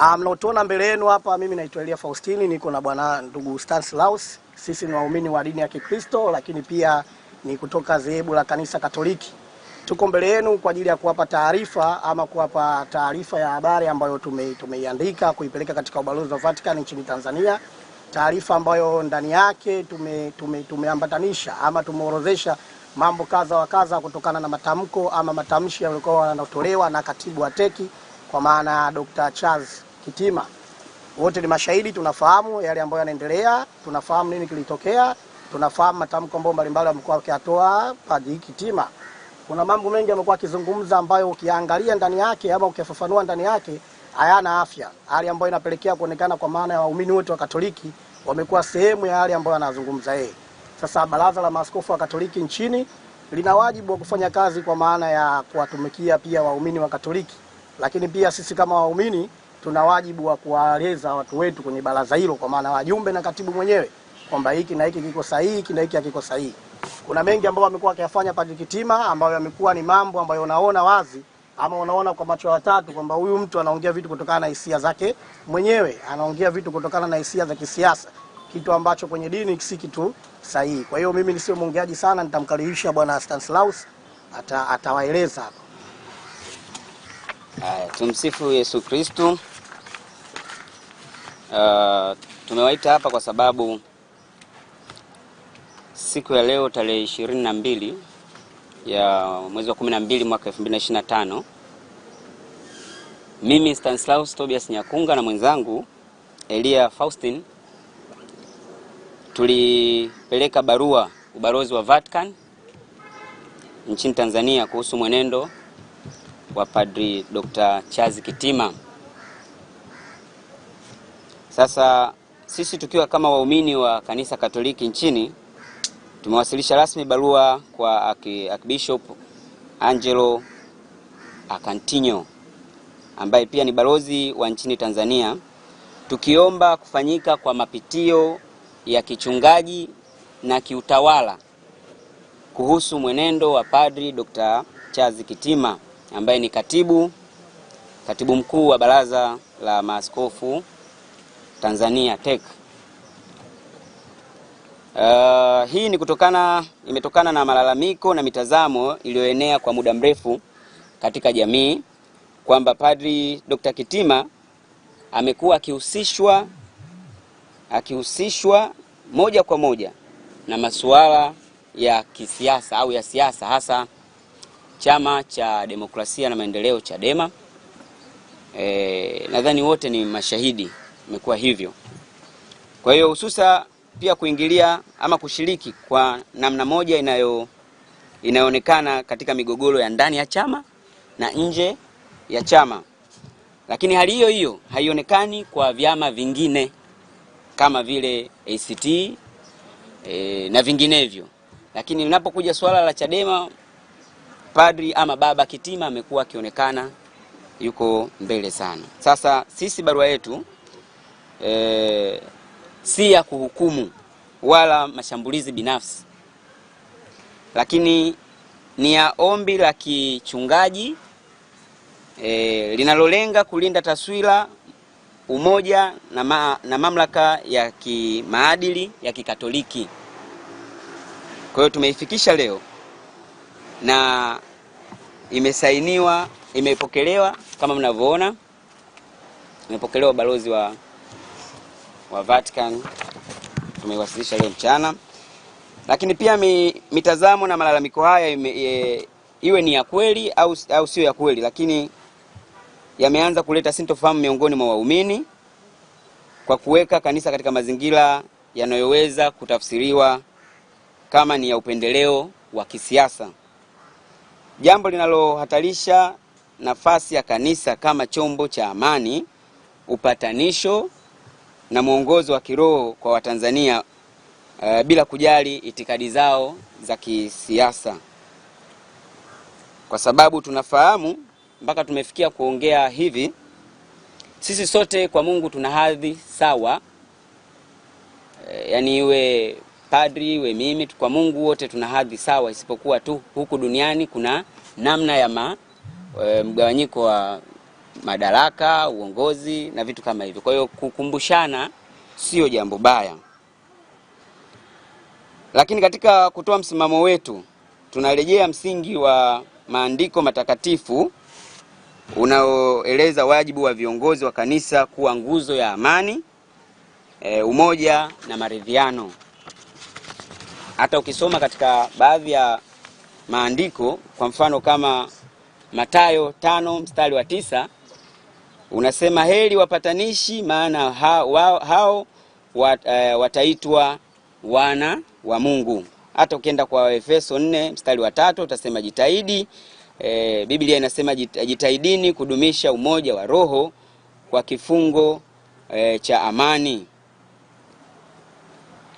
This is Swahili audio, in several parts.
Ah, mnaotuona mbele yenu hapa, mimi naitwa Elia Faustini, niko na bwana ndugu Stanislaus. Sisi ni waumini wa dini ya Kikristo, lakini pia ni kutoka dhehebu la kanisa Katoliki. Tuko mbele yenu kwa ajili ya kuwapa taarifa ama kuwapa taarifa ya habari ambayo tume, tumeiandika kuipeleka katika ubalozi wa Vatican nchini Tanzania, taarifa ambayo ndani yake tume, tume, tumeambatanisha ama tumeorodhesha mambo kadha wa kadha kutokana na matamko ama matamshi yaliyokuwa yanatolewa na katibu wa teki kwa maana ya Dr. Charles Kitima. Wote ni mashahidi, tunafahamu yale ambayo yanaendelea, tunafahamu nini kilitokea, tunafahamu matamko ambayo mbalimbali amekuwa akiyatoa Padri Kitima. Kuna mambo mengi amekuwa akizungumza ambayo ukiangalia ndani yake ama ukifafanua ndani yake hayana afya, hali ambayo inapelekea kuonekana kwa maana ya waumini wote wa Katoliki wamekuwa sehemu ya hali ambayo anazungumza yeye. Sasa baraza la maaskofu wa Katoliki nchini lina wajibu wa kufanya kazi kwa maana ya kuwatumikia pia waumini wa Katoliki lakini pia sisi kama waumini tuna wajibu wa kuwaeleza watu wetu kwenye baraza hilo, kwa maana wajumbe na katibu mwenyewe kwamba hiki na hiki kiko sahihi, hiki na hiki hakiko sahihi. Kuna mengi ambayo amekuwa akiyafanya Padri Kitima ambayo yamekuwa ni mambo ambayo unaona wazi ama unaona kwa macho ya tatu kwamba huyu mtu anaongea vitu kutokana na hisia zake mwenyewe, anaongea vitu kutokana na hisia za kisiasa, kitu ambacho kwenye dini si kitu sahihi. Kwa hiyo mimi nisio mwongeaji sana, nitamkaribisha Bwana Stanislaus atawaeleza hapa. Haya, tumsifu Yesu Kristu. Uh, tumewaita hapa kwa sababu siku ya leo tarehe ishirini na mbili ya mwezi wa kumi na mbili mwaka elfu mbili na ishirini na tano mimi Stanislaus Tobias Nyakunga na mwenzangu Elia Faustin tulipeleka barua ubalozi wa Vatican nchini Tanzania kuhusu mwenendo wa Padri Dr. Charles Kitima. Sasa sisi tukiwa kama waumini wa kanisa Katoliki nchini tumewasilisha rasmi barua kwa Archbishop Angelo Akantinyo ambaye pia ni balozi wa nchini Tanzania tukiomba kufanyika kwa mapitio ya kichungaji na kiutawala kuhusu mwenendo wa Padri Dr. Charles Kitima ambaye ni katibu katibu mkuu wa Baraza la Maaskofu Tanzania TEC. Uh, hii ni kutokana imetokana na malalamiko na mitazamo iliyoenea kwa muda mrefu katika jamii kwamba Padri Dr. Kitima amekuwa akihusishwa akihusishwa moja kwa moja na masuala ya kisiasa au ya siasa hasa Chama cha Demokrasia na Maendeleo Chadema. E, nadhani wote ni mashahidi imekuwa hivyo. Kwa hiyo hususa pia kuingilia ama kushiriki kwa namna moja inayo inayoonekana katika migogoro ya ndani ya chama na nje ya chama, lakini hali hiyo hiyo haionekani kwa vyama vingine kama vile ACT e, na vinginevyo, lakini unapokuja swala la Chadema padri ama baba Kitima amekuwa akionekana yuko mbele sana. Sasa sisi barua yetu e, si ya kuhukumu wala mashambulizi binafsi, lakini ni ya ombi la kichungaji e, linalolenga kulinda taswira, umoja na, ma, na mamlaka ya kimaadili ya Kikatoliki. Kwa hiyo tumeifikisha leo na imesainiwa, imepokelewa kama mnavyoona, imepokelewa balozi wa, wa Vatican, tumewasilisha leo mchana. Lakini pia mi, mitazamo na malalamiko haya ime, iwe ni ya kweli au, au sio ya kweli, lakini yameanza kuleta sintofahamu miongoni mwa waumini kwa kuweka kanisa katika mazingira yanayoweza kutafsiriwa kama ni ya upendeleo wa kisiasa jambo linalohatarisha nafasi ya kanisa kama chombo cha amani, upatanisho na mwongozo wa kiroho kwa Watanzania uh, bila kujali itikadi zao za kisiasa, kwa sababu tunafahamu mpaka tumefikia kuongea hivi, sisi sote kwa Mungu tuna hadhi sawa, eh, yani iwe padri, we, mimi kwa Mungu wote tuna hadhi sawa, isipokuwa tu huku duniani kuna namna ya ma, e, mgawanyiko wa madaraka, uongozi na vitu kama hivyo. Kwa hiyo kukumbushana sio jambo baya, lakini katika kutoa msimamo wetu tunarejea msingi wa maandiko matakatifu unaoeleza wajibu wa viongozi wa kanisa kuwa nguzo ya amani, e, umoja na maridhiano. Hata ukisoma katika baadhi ya maandiko, kwa mfano kama matayo tano mstari wa tisa unasema heri wapatanishi, maana hao, hao wat, e, eh, wataitwa wana wa Mungu. Hata ukienda kwa Efeso nne mstari wa tatu utasema jitahidi E, Biblia inasema jitahidini kudumisha umoja wa roho kwa kifungo e, cha amani.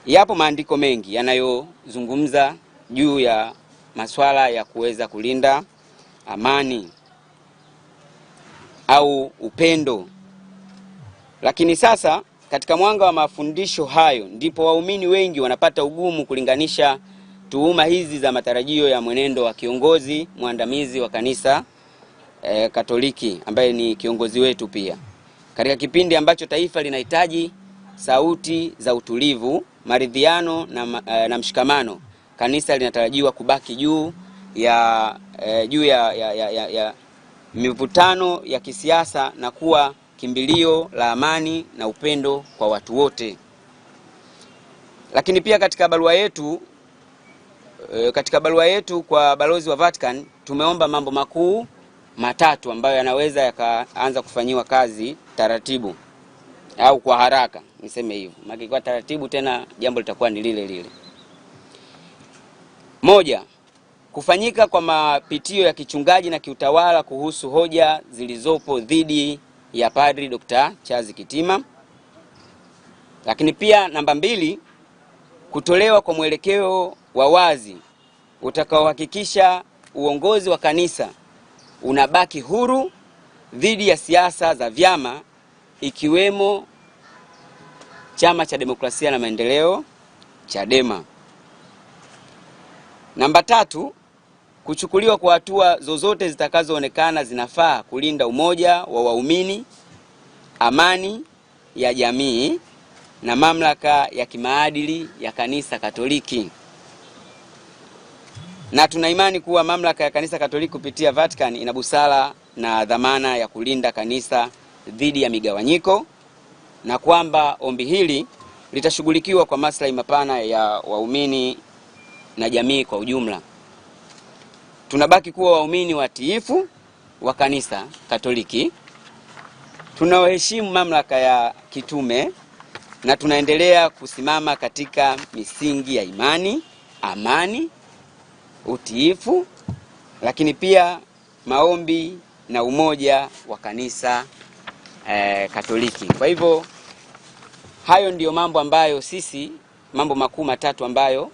Yapo maandiko mengi yanayozungumza juu ya masuala ya kuweza kulinda amani au upendo, lakini sasa katika mwanga wa mafundisho hayo ndipo waumini wengi wanapata ugumu kulinganisha tuhuma hizi za matarajio ya mwenendo wa kiongozi mwandamizi wa kanisa e, Katoliki ambaye ni kiongozi wetu pia katika kipindi ambacho taifa linahitaji sauti za utulivu, maridhiano na, eh, na mshikamano, kanisa linatarajiwa kubaki juu ya eh, juu ya, ya, ya, ya, ya mivutano ya kisiasa na kuwa kimbilio la amani na upendo kwa watu wote. Lakini pia katika barua yetu eh, katika barua yetu kwa balozi wa Vatican tumeomba mambo makuu matatu ambayo yanaweza yakaanza kufanyiwa kazi taratibu au kwa haraka niseme hivyo, maana kwa taratibu tena jambo litakuwa ni lile lile. Moja, kufanyika kwa mapitio ya kichungaji na kiutawala kuhusu hoja zilizopo dhidi ya Padri Dr. Charles Kitima. Lakini pia namba mbili, kutolewa kwa mwelekeo wa wazi utakaohakikisha uongozi wa kanisa unabaki huru dhidi ya siasa za vyama ikiwemo Chama cha Demokrasia na Maendeleo Chadema. Namba tatu, kuchukuliwa kwa hatua zozote zitakazoonekana zinafaa kulinda umoja wa waumini, amani ya jamii na mamlaka ya kimaadili ya Kanisa Katoliki. Na tuna imani kuwa mamlaka ya Kanisa Katoliki kupitia Vatican ina busara na dhamana ya kulinda kanisa dhidi ya migawanyiko na kwamba ombi hili litashughulikiwa kwa maslahi mapana ya waumini na jamii kwa ujumla. Tunabaki kuwa waumini watiifu wa kanisa Katoliki, tunaoheshimu mamlaka ya kitume na tunaendelea kusimama katika misingi ya imani, amani, utiifu, lakini pia maombi na umoja wa kanisa eh, Katoliki. Kwa hivyo hayo ndiyo mambo ambayo sisi, mambo makuu matatu ambayo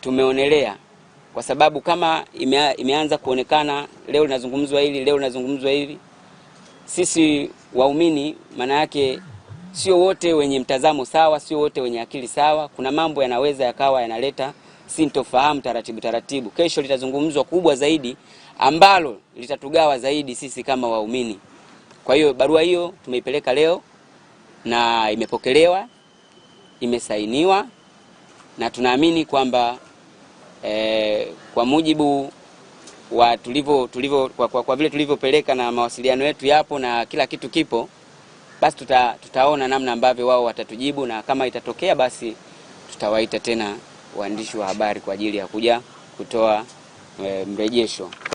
tumeonelea, kwa sababu kama ime, imeanza kuonekana leo linazungumzwa hili, leo linazungumzwa hili, sisi waumini, maana yake sio wote wenye mtazamo sawa, sio wote wenye akili sawa. Kuna mambo yanaweza yakawa yanaleta sintofahamu taratibu taratibu. Kesho litazungumzwa kubwa zaidi ambalo litatugawa zaidi sisi kama waumini. Kwa hiyo barua hiyo tumeipeleka leo na imepokelewa, imesainiwa na tunaamini kwamba eh, kwa mujibu wa tulivyo tulivyo kwa, kwa, kwa vile tulivyopeleka na mawasiliano yetu yapo na kila kitu kipo, basi tuta, tutaona namna ambavyo wao watatujibu, na kama itatokea basi tutawaita tena waandishi wa habari kwa ajili ya kuja kutoa e, mrejesho.